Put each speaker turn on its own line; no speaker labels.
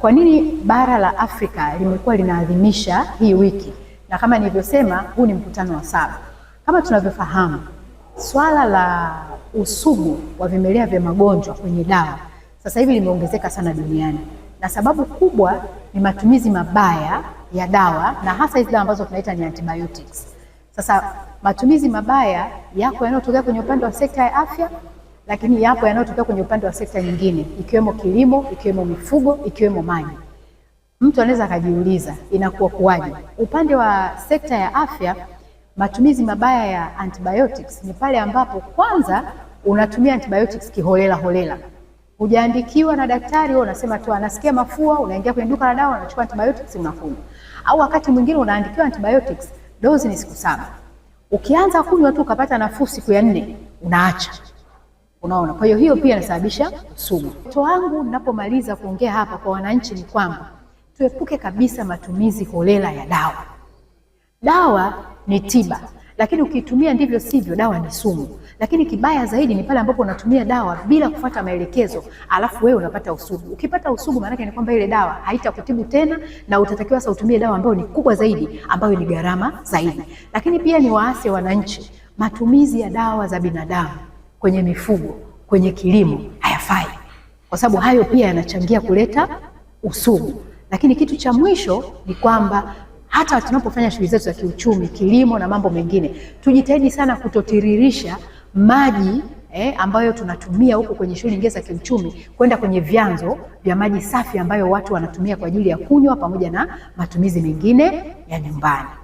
Kwa nini bara la Afrika limekuwa linaadhimisha hii wiki? Na kama nilivyosema, huu ni mkutano wa saba. Kama tunavyofahamu, swala la usugu wa vimelea vya magonjwa kwenye dawa sasa hivi limeongezeka sana duniani, na sababu kubwa ni matumizi mabaya ya dawa, na hasa hizi dawa ambazo tunaita ni antibiotics. Sasa matumizi mabaya yako yanayotokea kwenye upande wa sekta ya afya lakini yapo yanayotokea kwenye upande wa sekta nyingine, ikiwemo kilimo, ikiwemo mifugo, ikiwemo maji. Mtu anaweza akajiuliza inakuwa kuwaje? Upande wa sekta ya afya, matumizi mabaya ya antibiotics ni pale ambapo kwanza unatumia antibiotics kiholela holela, hujaandikiwa na daktari, wewe unasema tu, anasikia mafua, unaingia kwenye duka la dawa, unachukua antibiotics unakunywa, au wakati mwingine unaandikiwa antibiotics, dozi ni siku saba, ukianza kunywa tu ukapata nafuu siku ya nne unaacha Unaona, kwa hiyo hiyo pia inasababisha sumu. Wito wangu ninapomaliza kuongea hapa kwa wananchi ni kwamba tuepuke kabisa matumizi holela ya dawa. Dawa ni tiba, lakini ukitumia ndivyo sivyo, dawa ni sumu. Lakini kibaya zaidi ni pale ambapo unatumia dawa bila kufuata maelekezo, alafu wewe unapata usugu. Ukipata usugu, maana ni kwamba ile dawa haitakutibu tena, na utatakiwa sasa utumie dawa ambayo ni kubwa zaidi, ambayo ni gharama zaidi. Lakini pia ni waase wananchi matumizi ya dawa za binadamu kwenye mifugo, kwenye kilimo hayafai, kwa sababu hayo pia yanachangia kuleta usugu. Lakini kitu cha mwisho ni kwamba hata tunapofanya shughuli zetu za kiuchumi, kilimo na mambo mengine, tujitahidi sana kutotiririsha maji eh, ambayo tunatumia huko kwenye shughuli nyingine za kiuchumi kwenda kwenye vyanzo vya maji safi ambayo watu wanatumia kwa ajili ya kunywa pamoja na matumizi mengine ya nyumbani.